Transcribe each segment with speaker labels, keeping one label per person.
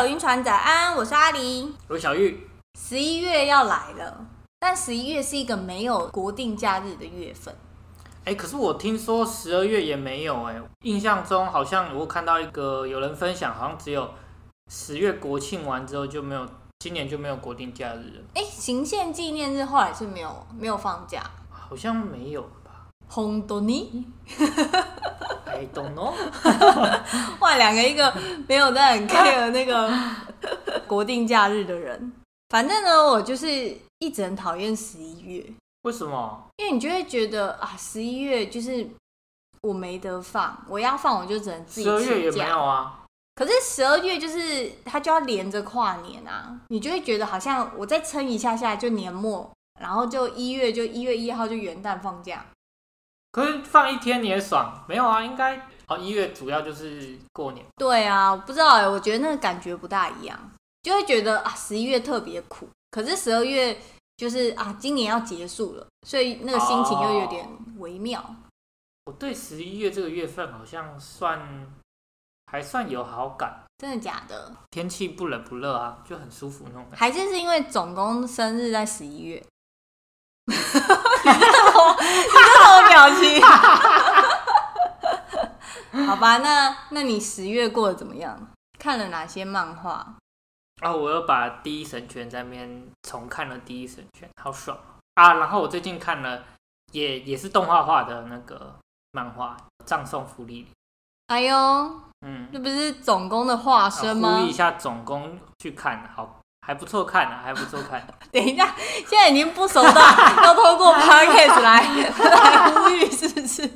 Speaker 1: 小雲船仔安，我是阿梨，我是小玉。十一月要來了，但十一月是一個沒有國定假日的月份。
Speaker 2: 哎、欸，可是我聽說十二月也沒有哎、欸，印象中好像我看到一個有人分享，好像只有十月國慶完之後就沒有，今年就沒有國定假日了。
Speaker 1: 哎、欸，行憲紀念日後來是沒有沒有放假，
Speaker 2: 好像沒有吧？
Speaker 1: 紅豆泥
Speaker 2: 懂
Speaker 1: 哦，換兩 個一個沒有在很 care 的那個國定假日的人，反正呢，我就是一直很討厭十一月。為什麼？因為你就會覺得啊，十一月就是我沒得放，我要放我就只能自己請假。十二月也沒有啊。可是十二月就是他就要連着跨年啊，你就會覺得好像我再撐一下下就年末，然後就一月就一月一號就元旦放假。
Speaker 2: 可是放一天你也爽，沒有啊？應該。哦，一月主要就是過
Speaker 1: 年。對啊，我不知道哎，欸，我覺得那個感覺不大一樣，就會覺得啊，十一月特別苦。可是十二月就是啊，今年要結束了，所以那個心情又有點微妙。
Speaker 2: 哦，我對十一月這個月份好像算還算有好感，
Speaker 1: 真的假的？
Speaker 2: 天氣不冷不熱啊，就很舒服那種感覺。還真
Speaker 1: 是因為總工生日在十一月。 你這什麼表情， 好吧，那那你十月過得怎麼樣？看了哪些漫畫？
Speaker 2: 啊、哦，我又把《第一神拳》在那邊重看了，《第一神拳》好爽啊！然後我最近看了也，也也是動畫化的那個漫畫《葬送福利，利》哎喲。哎呦，嗯，這不是
Speaker 1: 總攻的化身嗎？注意一下
Speaker 2: 總攻去看，好。還不錯看啊，還不錯看。
Speaker 1: 等一下，現在已經不熟到 要通過 Podcast 來， 來呼籲，是不是？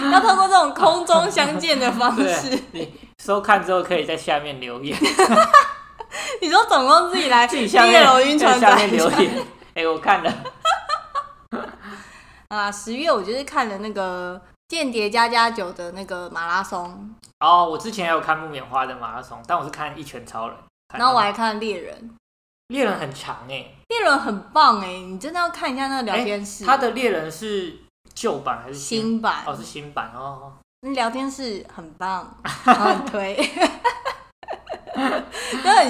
Speaker 1: 要通過這種空中相見的方式。你
Speaker 2: 收看之後可以在下面留言。
Speaker 1: 你說總共自己來，自己留言就下面留言。
Speaker 2: 哎、欸，我看了。
Speaker 1: 啊， 十月我就是看了那個《間諜家家酒》的那個馬拉松。
Speaker 2: 哦，我之前還有看木棉花的馬拉松，但我是看《一拳超人》，然後我還
Speaker 1: 看《獵人》。
Speaker 2: 獵人很強哎、
Speaker 1: 欸，獵人很棒哎、欸，你真的要看一下那個聊天室，欸、他的
Speaker 2: 獵人是舊版還是新，新版？哦，是新版哦。
Speaker 1: 那聊天室很棒，很推。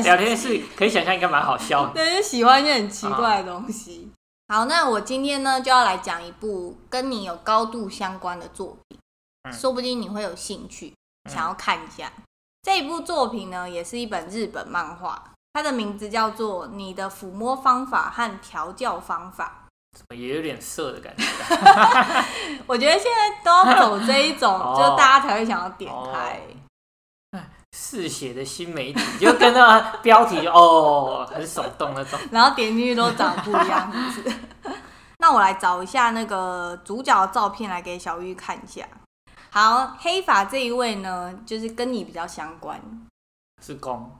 Speaker 1: 聊
Speaker 2: 天室可以想象，應該蠻好笑的。好
Speaker 1: 笑的對，就喜歡一些很奇怪的東西。Uh huh. 好，那我今天呢就要來講一部跟你有高度相關的作品，嗯、說不定你會有興趣想要看一下。嗯、這一部作品呢也是一本日本漫畫。它的名字叫做你的撫摸方法和調教方法，
Speaker 2: 怎麼也有點色的感覺，
Speaker 1: 啊？ 我覺得現在都要走這一種，哦，就大家才會想要點開。
Speaker 2: 嗜血，哦、 的新媒體，就跟那個標題 哦，很手動那種，
Speaker 1: 然後點進去都長不一樣。 那我來找一下那個主角的照片來給小玉看一下。好，黑髮這一位呢，就是跟你比較相關，
Speaker 2: 是公。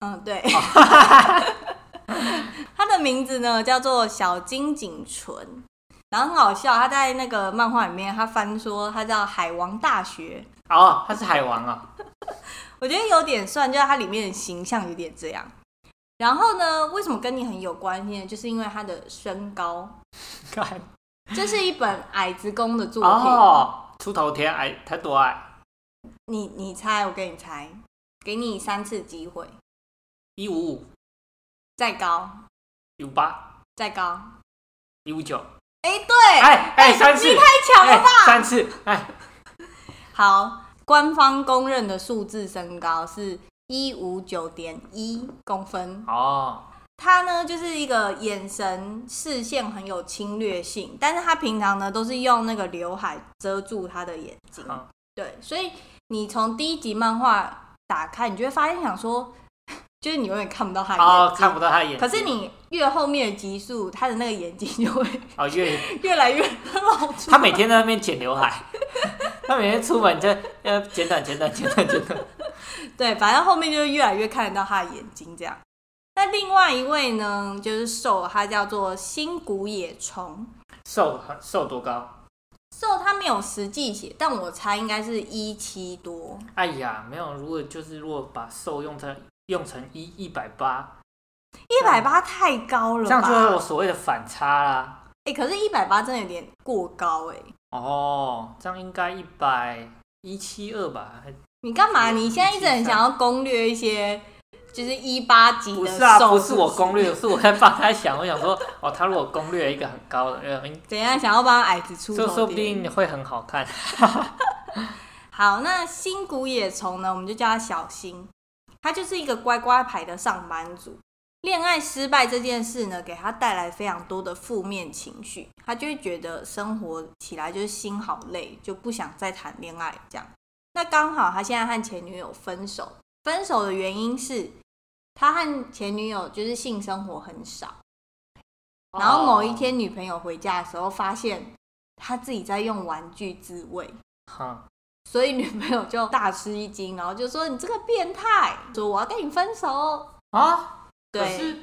Speaker 1: 嗯，對， 他的名字呢，叫做小金井純，然後很好笑，他在那個漫畫裡面，他翻說他叫海王大學
Speaker 2: 哦，他是海王啊，
Speaker 1: 哦， 我覺得有點算，就是他裡面的形象有點這樣。然後呢，為什麼跟你很有關係呢？就是因為他的身高， 這是一本矮子攻的作品哦，
Speaker 2: 出頭天矮太多矮，
Speaker 1: 你你猜，我給你猜，給你三次機會。一五五，5，再高一五八，8，再高一五九。哎、欸，對，哎哎、欸，三次太強了吧？三、欸、次，哎，好，官方公認的數字身高是一五九點一公分。哦，他呢，就是一個眼神視線很有侵略性，但是他平常呢都是用那個劉海遮住他的眼睛。啊、對，所以你從第一集漫畫打開，你就會發現，想說。就是你永遠看不到他眼睛，哦，
Speaker 2: 看不到他的眼。可是你
Speaker 1: 越後面的集數，他的那個眼睛就會、哦、越 越來越露出。他每
Speaker 2: 天在那邊剪劉海， 他每天出門就 要剪短、剪短、剪短、剪
Speaker 1: 短。對，反正後面就越來越看得到他的眼睛這樣。那另外一位呢，就是受，他叫做新古野蟲。
Speaker 2: 受，受多高？
Speaker 1: 受，他沒有實際寫，但我猜應該是一七多。
Speaker 2: 哎呀，沒有，如果就是如果把受用在用成一一百八，
Speaker 1: 一百八太高了，這樣就是我
Speaker 2: 所謂的反差啦。
Speaker 1: 哎、欸，可是，一百八真的有點過高哎、
Speaker 2: 欸。哦，這樣應該一百一七二吧？
Speaker 1: 你幹嘛、啊？你現在一直很想要攻略一些，就是一八級的受。不是啊，不
Speaker 2: 是我攻略，我是我在幫他想。我想說，哦，他如果攻略一個很高的，呃、嗯，
Speaker 1: 怎樣想要幫矮子出頭，就說不定會
Speaker 2: 很好看。
Speaker 1: 好，那新古野蟲呢？我們就叫他小新。他就是一個乖乖牌的上班族，戀愛失敗這件事呢，給他帶來非常多的負面情緒，他就會覺得生活起來就是心好累，就不想再談戀愛這樣。那剛好他現在和前女友分手，分手的原因是他和前女友就是性生活很少，然後某一天女朋友回家的時候，發現他自己在用玩具自慰。所以女朋友就大吃一驚，然後就說：“你這個變態！”說：“我要跟你分手啊！”對可是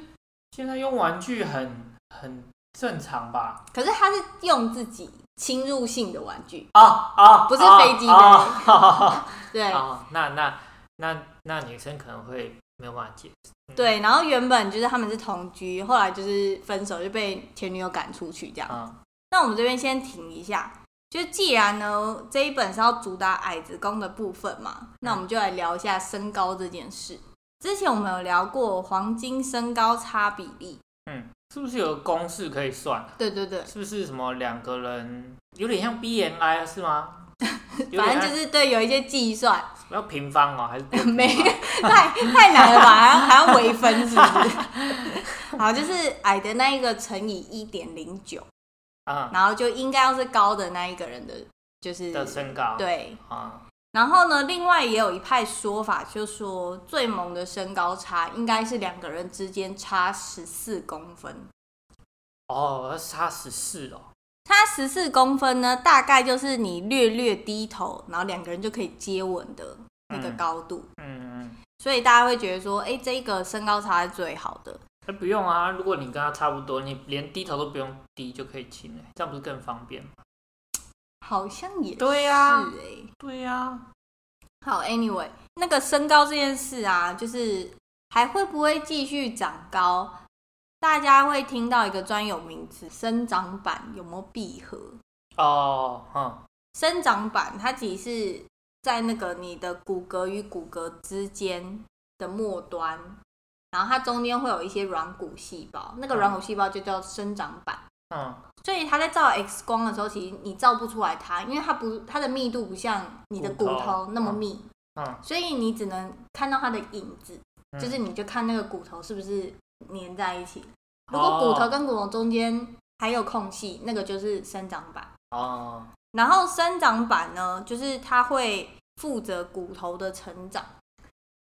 Speaker 1: 現在
Speaker 2: 用玩具很很正常吧？
Speaker 1: 可是他是用自己侵入性的玩具啊啊，哦哦、不是飛機的。哦哦、 對，哦、
Speaker 2: 那那那那女生可能會沒有辦法解釋。對，
Speaker 1: 然後原本就是他們是同居，後來就是分手就被前女友趕出去這樣。哦、那我們這邊先停一下。就既然呢，這一本是要主打矮子攻的部分嘛，嗯、那我們就來聊一下身高這件事。之前我們有聊過黃金身高差比例，
Speaker 2: 嗯，是不是有公式可以算？對對對，是不是什麼兩個人有點像 BMI 是嗎？
Speaker 1: 反正就是對，有一些計算，
Speaker 2: 要平方哦，還是
Speaker 1: 沒太太難了吧？ 還要還要微分是不是 好，就是矮的那一個乘以一點零九。嗯、然後就應該要是高的那一個人的，就是的身高，對、嗯、然後呢，另外也有一派說法就是說，就說最萌的身高差應該是兩個人之間差十四公分。
Speaker 2: 哦，差十四哦，
Speaker 1: 差十四公分呢，大概就是你略略低頭，然後兩個人就可以接吻的那個高度。
Speaker 2: 嗯嗯，嗯嗯，
Speaker 1: 所以大家會覺得說，哎，這個身高差是最好的。不
Speaker 2: 用啊！如果你跟他差不多，你連低頭都不用低就可以親嘞、欸，這樣不是更方便嗎？
Speaker 1: 好像也是、欸、對啊。哎、啊，對呀。好，Anyway，那個身高這件事啊，就是還會不會繼續長高？大家會聽到一個專有名詞——生長板有沒有閉合？
Speaker 2: 哦，嗯。
Speaker 1: 生長板它其實是在那個你的骨骼與骨骼之間的末端。然後它中間會有一些軟骨細胞，那個軟骨細胞就叫生長板。嗯。所以它在照 X 光的時候，其實你照不出來它，因為它不，它的密度不像你的骨頭那麼密。嗯。所以你只能看到它的影子，
Speaker 2: 嗯。就是你就
Speaker 1: 看那個骨頭是不是粘在一起。嗯。如果骨頭跟骨頭中間還有空隙，那個就是生長板哦。嗯。然後生長板呢，就是它會負責骨頭的成長。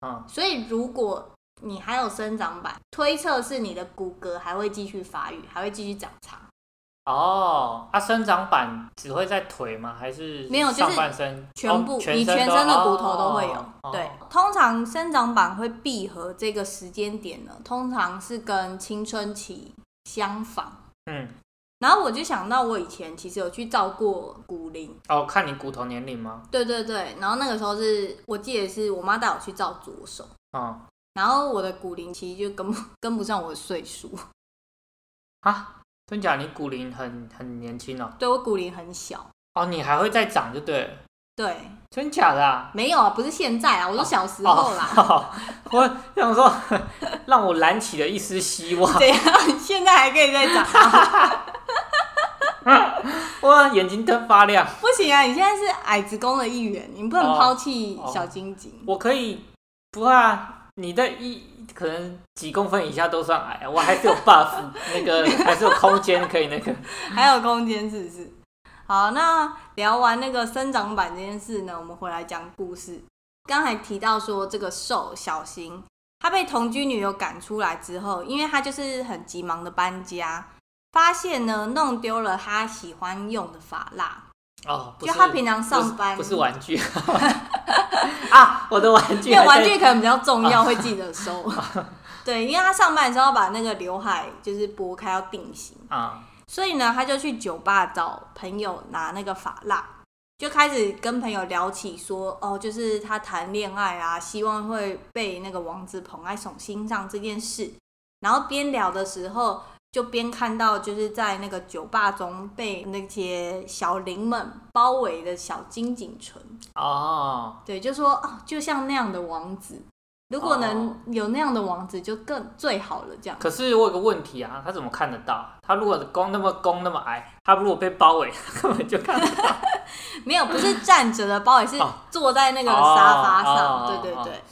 Speaker 1: 嗯。所以如果你還有生長板，推測是你的骨骼還會繼續發育，還會繼續長長。
Speaker 2: 哦，它、啊、生長板只會在腿嗎？還是沒有？就是上半身全部，哦、全你全身的骨頭都會有。哦、對，
Speaker 1: 哦、通常生長板會閉合這個時間點呢，通常是跟青春期相仿。
Speaker 2: 嗯，
Speaker 1: 然後我就想到我以前其實有去照過骨齡
Speaker 2: 哦，看你骨頭年齡嗎？
Speaker 1: 對對對，然後那個時候是我記得是我媽帶我去照左手啊。哦然後我的骨齡其實就跟不跟不上我的歲數
Speaker 2: 啊？真假？你骨齡很很年輕哦、喔？
Speaker 1: 對我骨齡很小
Speaker 2: 哦？你還會再長就對了？
Speaker 1: 對，真
Speaker 2: 假的、啊？
Speaker 1: 沒有，啊，不是現在啊，我說小時候啦、哦
Speaker 2: 哦哦。我想說，讓我燃起了一絲希望。啊你
Speaker 1: 現在還可以再長？
Speaker 2: 哇、 啊，我眼睛燈發亮！
Speaker 1: 不行啊，你現在是矮子宮的一員，你不能拋棄小晶晶、哦哦。
Speaker 2: 我可以，不會啊。你的一可能幾公分以下都算矮，我還是有 buff， 那個還是有空間可以那個，
Speaker 1: 還有空間是不是？好，那聊完那個生長板這件事呢，我們回來講故事。剛才提到說這個瘦小新，他被同居女友趕出來之後，因為他就是很急忙的搬家，發現呢弄丟了他喜歡用的髮蠟。
Speaker 2: 哦，oh, 就他平常上班不是，不是玩具 啊，我的玩具，因為玩具可能比較重要， 會記得收。
Speaker 1: 對，因為他上班的時候要把那個劉海就是撥開要定型啊，uh. 所以呢，他就去酒吧找朋友拿那個髮蠟，就開始跟朋友聊起說，哦，就是他談戀愛啊，希望會被那個王子捧在手心上這件事，然後邊聊的時候。就邊看到就是在那個酒吧中被那些小靈們包圍的小金井純
Speaker 2: 哦，
Speaker 1: 對，就說、哦、就像那樣的王子，如果能有那樣的王子，就更最好了。這樣，oh. 可
Speaker 2: 是我有個問題啊，他怎麼看得到？他如果的攻那麼攻那麼矮，他如果被包圍，他根本就看
Speaker 1: 不到。 沒有，不是站着的包圍，是坐在那個沙發上。Oh. Oh. Oh. Oh. 對，對對對。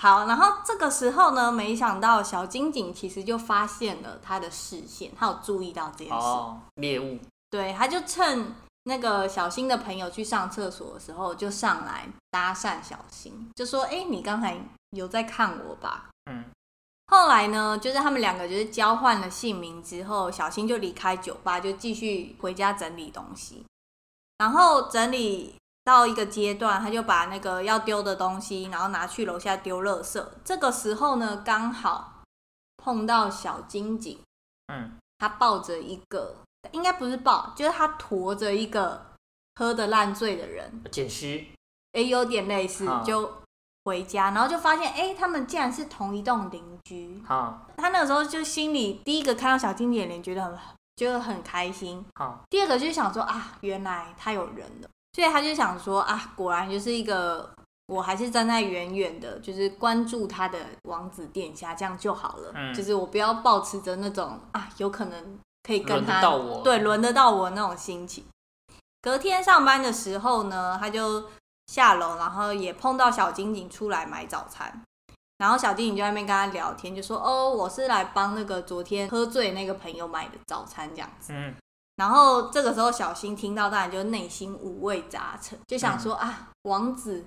Speaker 1: 好，然後這個時候呢，沒想到小金井其實就發現了他的視線，他有注意到這件事，
Speaker 2: 哦，獵物。
Speaker 1: 對，他就趁那個小新的朋友去上廁所的時候，就上來搭訕小新，就說：“哎，你剛才有在看我吧？”嗯。後來呢，就是他們兩個就是交換了姓名之後，小新就離開酒吧，就繼續回家整理東西，然後整理。到一個階段，他就把那個要丟的東西，然後拿去樓下丟垃圾。這個時候呢，剛好碰到小金晶，嗯，他抱着一個，應該不是抱，就是他馱着一個喝得爛醉的人，
Speaker 2: 撿屍虛，
Speaker 1: 哎、欸，有點類似，好就回家，然後就發現，哎、欸，他們竟然是同一棟鄰居。好，他那個時候就心裡第一個看到小金晶鄰居得很覺得很開心。好，第二個就想說啊，原來他有人了。所以他就想說啊，果然就是一個，我還是站在遠遠的，就是關注他的王子殿下，這樣就好了。嗯，就是我不要抱持着那種啊，有可能可以跟他，輪得到我，對，輪得到我那種心情。隔天上班的時候呢，他就下樓，然後也碰到小晶晶出來買早餐，然後小晶晶就在那邊跟他聊天，就說：“哦，我是來幫那個昨天喝醉那個朋友買的早餐，這樣子。”嗯然後這個時候，小新聽到當然就內心五味雜陳，就想說、嗯、啊，王子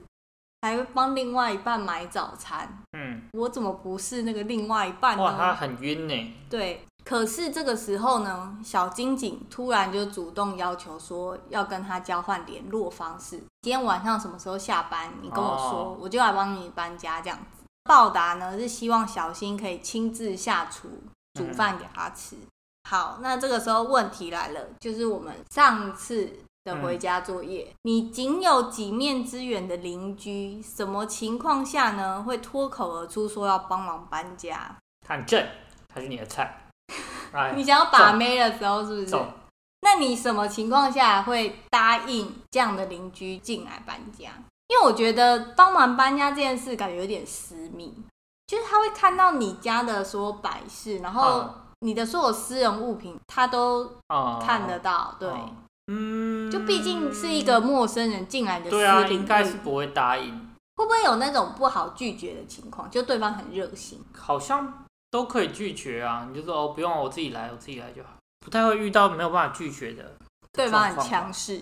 Speaker 1: 還會幫另外一半買早餐，嗯，我怎麼不是那個另外一半呢？哇，他
Speaker 2: 很暈呢。
Speaker 1: 對，可是這個時候呢，小金井突然就主動要求說要跟他交換聯絡方式，今天晚上什麼時候下班，你跟我說，哦、我就來幫你搬家這樣子。報答呢是希望小新可以親自下廚煮飯給他吃。嗯好，那這個時候問題來了，就是我們上次的回家作業，嗯、你僅有幾面之緣的鄰居，什麼情況下呢會脫口而出說要幫忙搬家？
Speaker 2: 看正，他是你的菜， 你想要把妹的
Speaker 1: 時候是不是？那你什麼情況下會答應這樣的鄰居進來搬家？因為我覺得幫忙搬家這件事感覺有點私密，就是他會看到你家的所有擺設，然後、啊。你的所有私人物品，他都看得到。哦、對，嗯，就畢竟是一個陌生人進來的，對啊，應
Speaker 2: 該是不會答應。
Speaker 1: 會不會有那種不好拒絕的情況？就對方很熱心，
Speaker 2: 好像都可以拒絕啊。你就說哦，不用，我自己來，我自己來就好。不太會遇到沒有辦法拒絕的、啊，對方很強
Speaker 1: 勢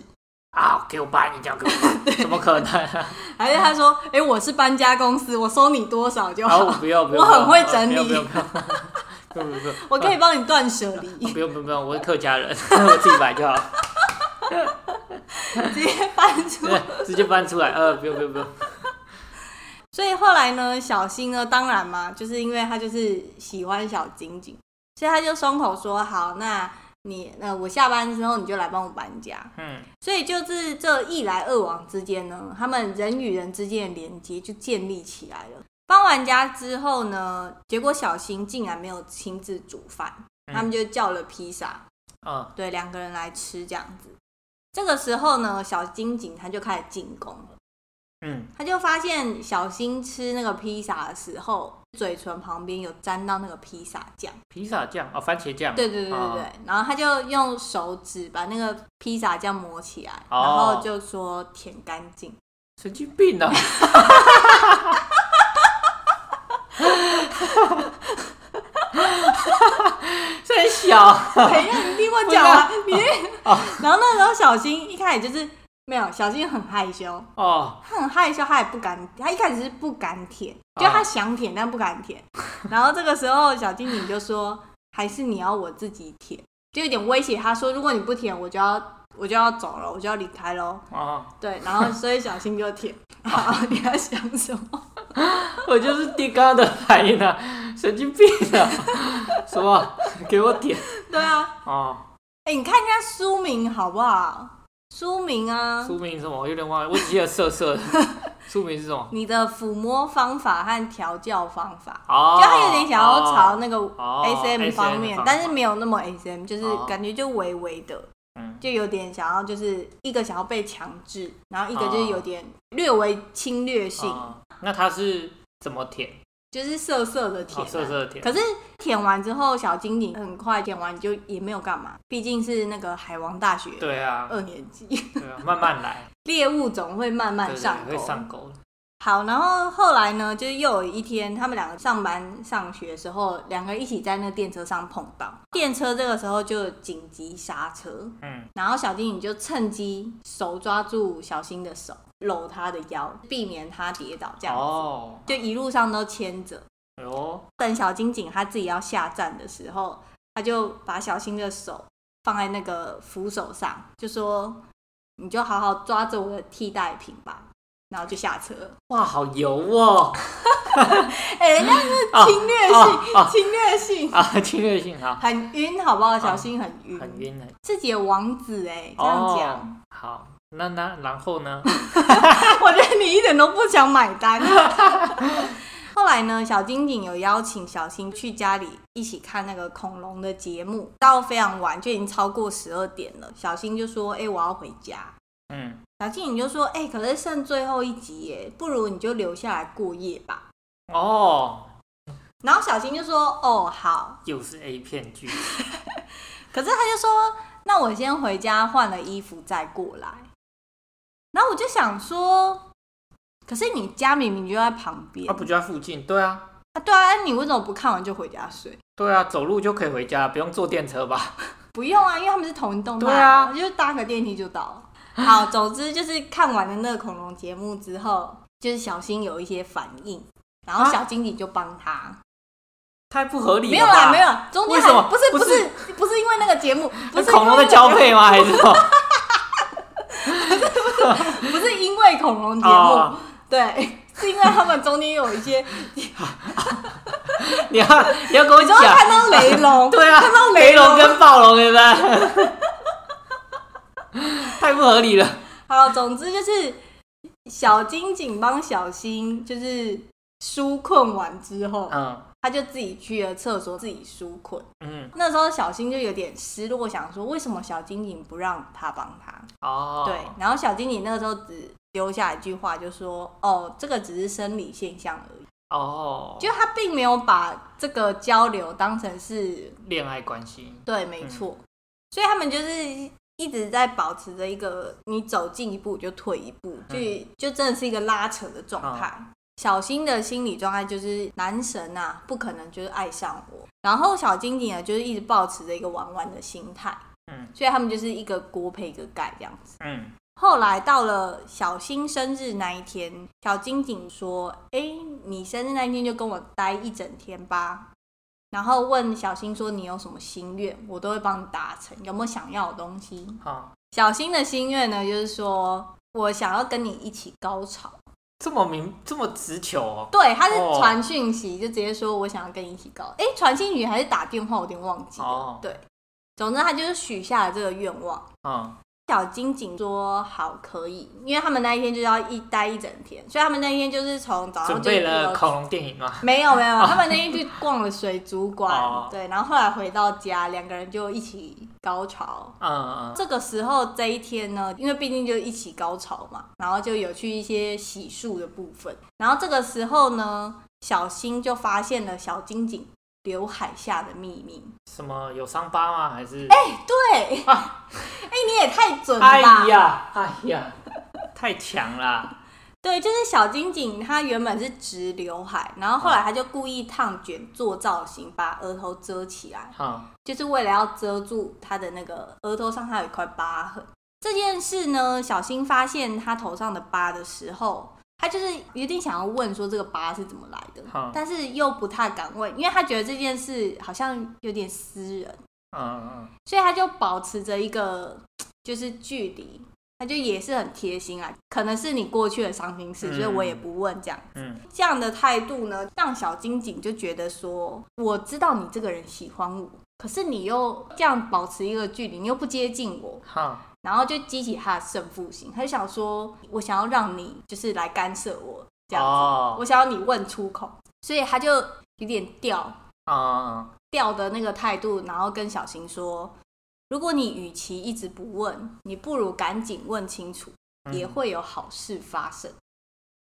Speaker 1: 啊，給我搬，你這樣給
Speaker 2: 我， 對 怎麼可能？
Speaker 1: 而且他說，哎、哦欸，我是搬家公司，我收你多少就好，好不要，不要，我很會整理。呃
Speaker 2: 不不不，我可以幫
Speaker 1: 你斷舍離。
Speaker 2: 不用不用不用，我是客家人， 我自己買就好。 直
Speaker 1: 接搬出，直
Speaker 2: 接搬出來，呃、 啊，不用不用不用。不用，
Speaker 1: 所以後來呢，小新呢，當然嘛，就是因為他就是喜歡小景景，所以他就鬆口說好，那你那我下班之後你就來幫我搬家。嗯，所以就是這一來二往之間呢，他們人與人之間的連接就建立起來了。搬完家之後呢，結果小新竟然沒有親自煮飯，嗯、他們就叫了披薩、哦。對，兩個人來吃這樣子。這個時候呢，小金井他就開始進攻了。嗯，他就發現小新吃那個披薩的時候，嘴唇旁邊有沾到那個披薩醬。
Speaker 2: 披薩醬哦，番茄醬。對對對對、
Speaker 1: 哦、然後他就用手指把那個披薩醬抹起來，哦、然後就說舔乾淨。神經病啊！ 哈哈哈小的，沒有你聽我講啊？你然後那個時候小金一開始就是沒有，小金很害羞哦，oh. 他很害羞，他也不敢，他一開始是不敢舔，就他想舔、oh. 但不敢舔。然後這個時候小金你就說， 還是你要我自己舔。就有點威脅，他說：“如果你不舔，我就要我就要走了，我就要離開了。啊，對，然後 所以小心就舔。啊啊、你在想什麼？
Speaker 2: 我就是低高的反應啊，神經病啊，什麼 不？給我舔。對啊。啊。
Speaker 1: 哎、欸，你看一下書名好不好？書名啊，書
Speaker 2: 名什麼？我有點忘了，我只記得色色 書名是什麼？
Speaker 1: 你的撫摸方法和調教方法，
Speaker 2: 哦就他有點想要朝那
Speaker 1: 個 SM，哦哦、方面，SM，但是沒有那麼 SM，、哦、就是感覺就微微的，嗯、就有點想要，就是一個想要被強制，然後一個就是有點略微侵略性，
Speaker 2: 哦那它是怎麼舔？
Speaker 1: 就是澀澀的舔啊，哦，澀澀的舔。可是舔完之後，小精靈很快舔完就也沒有幹嘛，畢竟是那個海王大學，對啊，二年級，
Speaker 2: 對啊， 慢慢來，
Speaker 1: 獵物總會慢慢上鈎。對對對，會上鈎。好，然後後來呢，就是又有一天，他們兩個上班上學的時候，兩個一起在那電車上碰到，電車這個時候就緊急剎車，嗯、然後小金井就趁機手抓住小新的手，摟他的腰，避免他跌倒，這樣子，哦、就一路上都牽着，哦、等小金井他自己要下站的時候，他就把小新的手放在那個扶手上，就說，你就好好抓着我的替代品吧。然後就下車。哇，
Speaker 2: 好油哦！哎 、
Speaker 1: 欸，人家是侵略性，啊啊啊、侵
Speaker 2: 略性啊，侵略性啊，好
Speaker 1: 很暈，好不好？小新、啊、很暈暈，很暈，自己的王子哎，哦、這樣
Speaker 2: 講。好，那那然後呢？
Speaker 1: 我覺得你一點都不想買單。 後來呢，小晶晶有邀請小新去家裡一起看那個恐龍的節目，到非常晚就已經超過十二點了。小新就說：“哎、欸，我要回家。”嗯，小靜，你就說，哎、欸，可是剩最後一集耶，不如你就留下來過夜吧。哦，然後小新就說，哦，好，
Speaker 2: 又是 A 片劇
Speaker 1: 可是他就說，那我先回家換了衣服再過來。然後我就想說，可是你家明明就在旁邊，他、啊、不就在附近？對啊，啊對啊，你為什麼不看完就回家睡？
Speaker 2: 對啊，走路就可以回家，不用坐電車吧？
Speaker 1: 不用啊，因為他們是同一棟、哦、對啊，就是搭個電梯就到了。 好，總之就是看完了那個恐龍節目之後，就是小心有一些反應，然後小經理就幫他。啊，太不合理了吧？沒有啦，沒有，中間為什麼？不是，不是，不是因為那個節目，不是恐龍的交配嗎？還是什麼？不是，不是，不是因為恐龍節目，對，是因為他們中間有一些，
Speaker 2: 你要，你要跟我講，看到雷龍， 對啊，看到雷龍跟暴龍，對不對？ 太不合理
Speaker 1: 了。 好，總之就是小金井幫小新就是紓困完之後，嗯，他就自己去了廁所自己紓困。嗯，那時候小新就有點失落，想說為什麼小金井不讓他幫他？哦，
Speaker 2: 對。
Speaker 1: 然後小金井那個時候只留下一句話，就說：“哦，這個只是生理現象而已。”哦，就他並沒有把這個交流當成是
Speaker 2: 戀愛關係。對，沒錯。嗯、
Speaker 1: 所以他們就是。一直在保持着一個，你走近一步就退一步，嗯、就就真的是一個拉扯的狀態。哦、小新的心理狀態就是男神啊，不可能就是愛上我。然後小金井啊，就是一直抱持着一個玩玩的心態。嗯，所以他們就是一個鍋配一個蓋這樣子。嗯，後來到了小新生日那一天，小金井說：“哎、欸，你生日那一天就跟我待一整天吧。”然後問小新說：“你有什麼心願？我都會幫你達成。有沒有想要的東西？”哈小新的心願呢，就是說我想要跟你一起高潮，
Speaker 2: 這麼明這麼直球哦。對，他是傳
Speaker 1: 訊息，哦、就直接說我想要跟你一起高潮。哎，傳訊息還是打電話，我有點忘記了。哦、對，總之他就是許下了這個願望。小金井說好可以，因為他們那一天就要一待一整天，所以他們那一天就是從早上就準備了
Speaker 2: 恐龍電影嘛，沒有沒有，哦、他們那
Speaker 1: 天去逛了水族館，哦、對，然後後來回到家，兩個人就一起高潮，嗯、這個時候這一天呢，因為畢竟就一起高潮嘛，然後就有去一些洗漱的部分，然後這個時候呢，小新就發現了小金井。劉海下的秘密？
Speaker 2: 什麼？有傷疤嗎？還是？哎、欸，
Speaker 1: 對哎、啊欸，你也太準了吧！哎呀，
Speaker 2: 哎呀，太強了。
Speaker 1: 對，就是小金井。晶，他原本是直劉海，然後後來他就故意燙捲做造型，把額頭遮起來，啊、就是為了要遮住他的那個額頭上她有一塊疤痕。這件事呢，小新發現他頭上的疤的時候。他就是一定想要問說這個疤是怎麼來的？好但是又不太敢問，因為他覺得這件事好像有點私人，啊啊啊所以他就保持着一個就是距離，他就也是很貼心啊，可能是你過去的傷心事，嗯、所以我也不問這樣子，嗯、這樣的態度呢，讓小金井就覺得說，我知道你這個人喜歡我。可是你又這樣保持一個距離，你又不接近我，Huh. 然後就激起他的勝負心，他就想說，我想要讓你就是來干涉我這樣子，oh. 我想要你問出口，所以他就有點吊、oh. 吊的那個態度，然後跟小新說，如果你與其一直不問，你不如趕緊問清楚，也會有好事發生，嗯、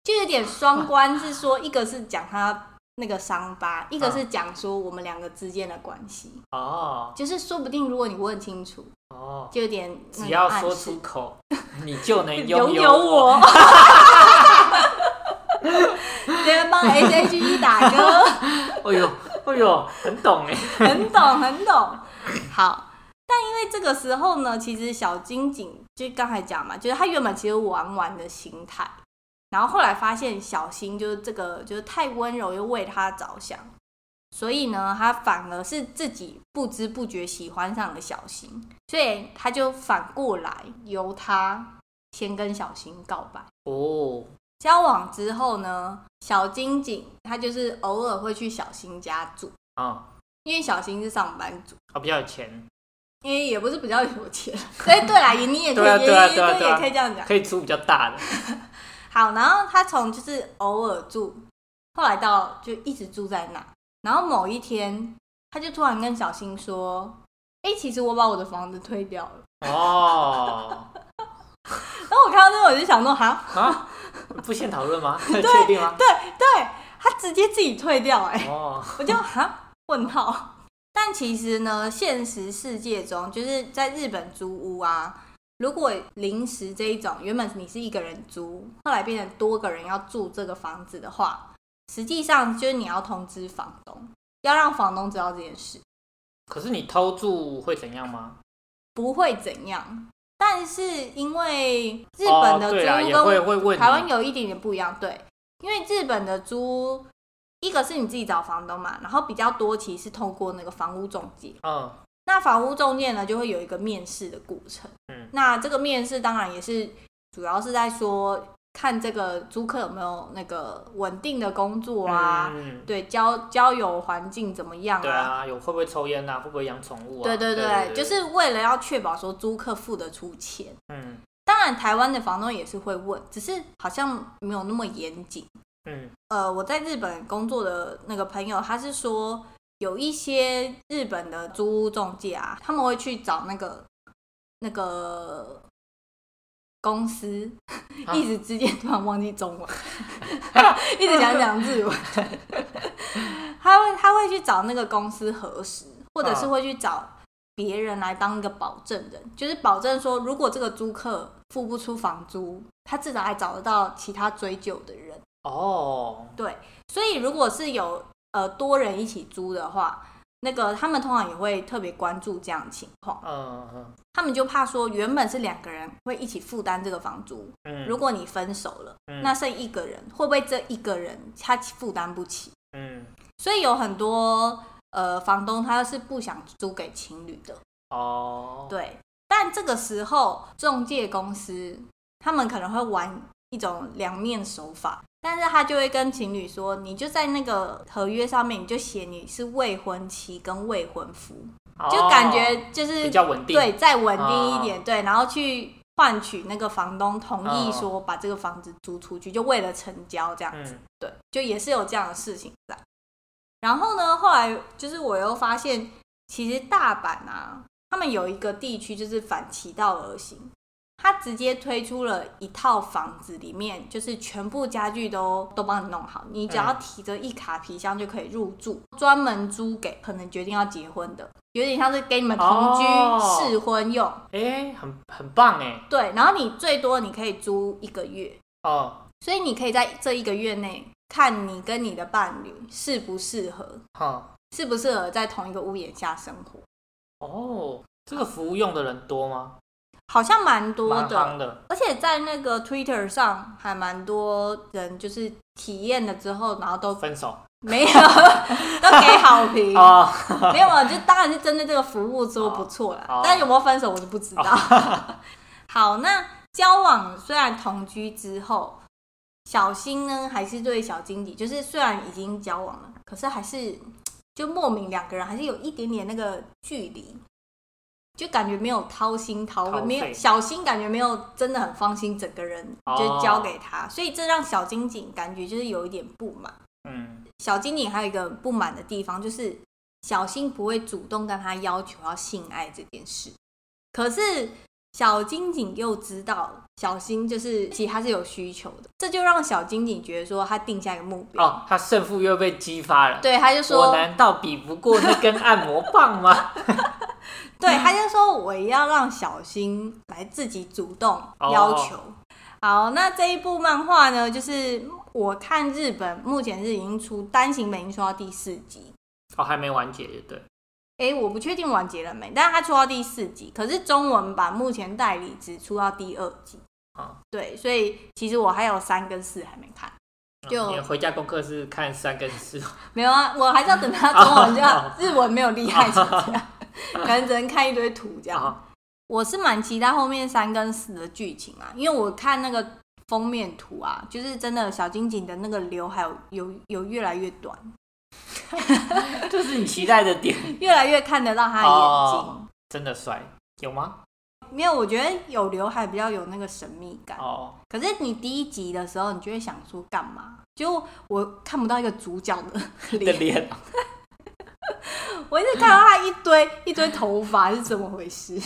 Speaker 1: 就有點雙關，是說 Wow. 一個是講他。那個傷疤，一個是講說我們兩個之間的關係，哦、
Speaker 2: 啊，
Speaker 1: 就是說不定如果你問清楚，哦，就有點，只要說出
Speaker 2: 口，你就能擁有
Speaker 1: 我。先幫 H H e 打歌。 哎呦，
Speaker 2: 哎呦，很懂哎，
Speaker 1: 很懂，很懂。好，但因為這個時候呢，其實小金井就剛才講嘛，就是他原本其實玩玩的心態。然後後來發現小新就是這個，就是太溫柔又為他着想，所以呢，他反而是自己不知不覺喜歡上了小新，所以他就反過來由他先跟小新告白哦。Oh. 交往之後呢，小金晶他就是偶爾會去小新家住啊，oh. 因為小新是上班族
Speaker 2: 啊，oh, 他比較有錢，
Speaker 1: 因為也不是比較有錢。哎， 對啦，你也可以，也可以這樣講，可以
Speaker 2: 租比較大的。
Speaker 1: 好，然後他從就是偶爾住，後來到就一直住在那。然後某一天，他就突然跟小新說：“哎，其實我把我的房子退掉了。”哦， 然後我看到這個我就想說：“哈，啊、
Speaker 2: 不先討論嗎？確定嗎？對
Speaker 1: 對，對，他直接自己退掉哎、欸。哦”我就哈問號。 但其實呢，現實世界中就是在日本租屋啊。如果臨時這一種，原本你是一個人租，後來變成多個人要住這個房子的話，實際上就是你要通知房東，要讓房東知道這件事。
Speaker 2: 可是你偷住會怎樣嗎？
Speaker 1: 不會怎樣，但是因為日本的租跟台灣有一點點不一樣，哦對，啊、對，因為日本的租一個是你自己找房東嘛，然後比較多，其實是通過那個房屋仲介、哦那房屋中介呢，就會有一個面試的過程。嗯，那這個面試當然也是主要是在說，看這個租客有沒有那個穩定的工作啊，嗯嗯、對交交友環境怎麼樣啊？對啊，
Speaker 2: 有會不會抽菸啊？會不會養寵物啊？對對對，對對對就是
Speaker 1: 為了要確保說租客付得出錢。嗯，當然台灣的房東也是會問，只是好像沒有那麼嚴謹。嗯，呃，我在日本工作的那個朋友，他是說。有一些日本的租屋中介啊，他們會去找那個那個公司，哈一時之間突然忘記中文， 一直想講日文。 他會他會去找那個公司核實，或者是會去找別人來當一個保證人，就是保證說，如果這個租客付不出房租，他至少還找得到其他追究的人。哦，oh. 對，所以如果是有。呃，多人一起租的話，那個他們通常也會特別關注這樣的情況。嗯、uh huh. 他們就怕說，原本是兩個人會一起負擔這個房租。嗯、uh huh. 如果你分手了，uh huh. 那剩一個人，會不會這一個人他負擔不起？嗯、uh huh. 所以有很多呃房東他是不想租給情侶的。哦、uh huh. 對，但這個時候中介公司他們可能會玩一種兩面手法。但是他就會跟情侶說：“你就在那個合約上面，你就寫你是未婚妻跟未婚夫，哦、就感覺就是比較穩定，對，再穩定一點，哦、對，然後去換取那個房東同意說把這個房子租出去，哦、就為了成交這樣子，嗯、對，就也是有這樣的事情在。然後呢，後來就是我又發現，其實大阪啊，他們有一個地區就是反其道而行。”他直接推出了一套房子，裡面就是全部傢具都都幫你弄好，你只要提着一卡皮箱就可以入住。專、欸、門租給可能決定要結婚的，有點像是給你們同居試、哦、婚用。誒、欸，
Speaker 2: 很很棒誒、欸。
Speaker 1: 對，然後你最多你可以租一個月哦。所以你可以在這一個月內看你跟你的伴侶適不適合，適、哦、不適合在同一個屋檐下生活。
Speaker 2: 哦，這個服務用的人多嗎？啊好像蠻多的，的
Speaker 1: 而且在那個 Twitter 上還蠻多人就是體驗了之後，然後都分手沒有，分手 都給好
Speaker 2: 評，oh. 沒有
Speaker 1: 就當然是針對這個服務說不錯了，oh. 但有沒有分手我就不知道。Oh. 好，那交往雖然同居之後，小新呢還是對小經理，就是雖然已經交往了，可是還是就莫名兩個人還是有一點點那個距離。就感覺沒有掏心掏肺，掏肥沒有小心感覺沒有真的很放心，整個人就交給他，哦、所以這讓小金井感覺就是有一點不滿。嗯，小金井還有一個不滿的地方就是小新不會主動跟他要求要性愛這件事，可是小金井又知道小新就是其實他是有需求的，這就讓小金井覺得說他定下一個目標，
Speaker 2: 哦、他勝負又被激發了。對，他就說我難道比不過那根按摩棒嗎？
Speaker 1: 對，他就說我也要讓小新來自己主動要求。Oh, oh. 好，那這一部漫畫呢，就是我看日本目前是已經出單行本，已經出到第四集。
Speaker 2: 哦，oh, 還沒完結，對。
Speaker 1: 哎，我不確定完結了沒，但是他出到第四集，可是中文版目前代理只出到第二集。Oh. 對，所以其實我還有三跟四還沒看。就、oh, 你
Speaker 2: 回家功課是看三跟四？
Speaker 1: 沒有啊，我還是要等他中文就要，叫、oh, oh. 日文沒有厲害。Oh, oh. 可能只能看一堆圖，這樣。哦，我是蠻期待後面三跟四的劇情啊，因為我看那個封面圖啊，就是真的小金井的那個劉海有有，有越來越短，
Speaker 2: 就是你期待的點，
Speaker 1: 越來越看得到他的眼
Speaker 2: 睛，oh, 真的帥，有嗎？
Speaker 1: 沒有，我覺得有劉海比較有那個神秘感哦。Oh. 可是你第一集的時候，你就會想說幹嘛？就我看不到一個主角的臉。的臉 我一直看到他一堆 一堆頭髮是怎麼回事？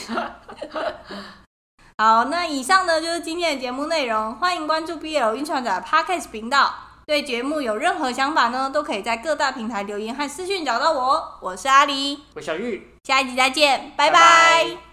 Speaker 1: 好，那以上呢，就是今天的節目內容。歡迎關注 BL 音創者 Podcast 頻道。對節目有任何想法呢，都可以在各大平台留言和私訊找到我。我是阿梨，我是小玉，下一集再見，拜拜。拜拜。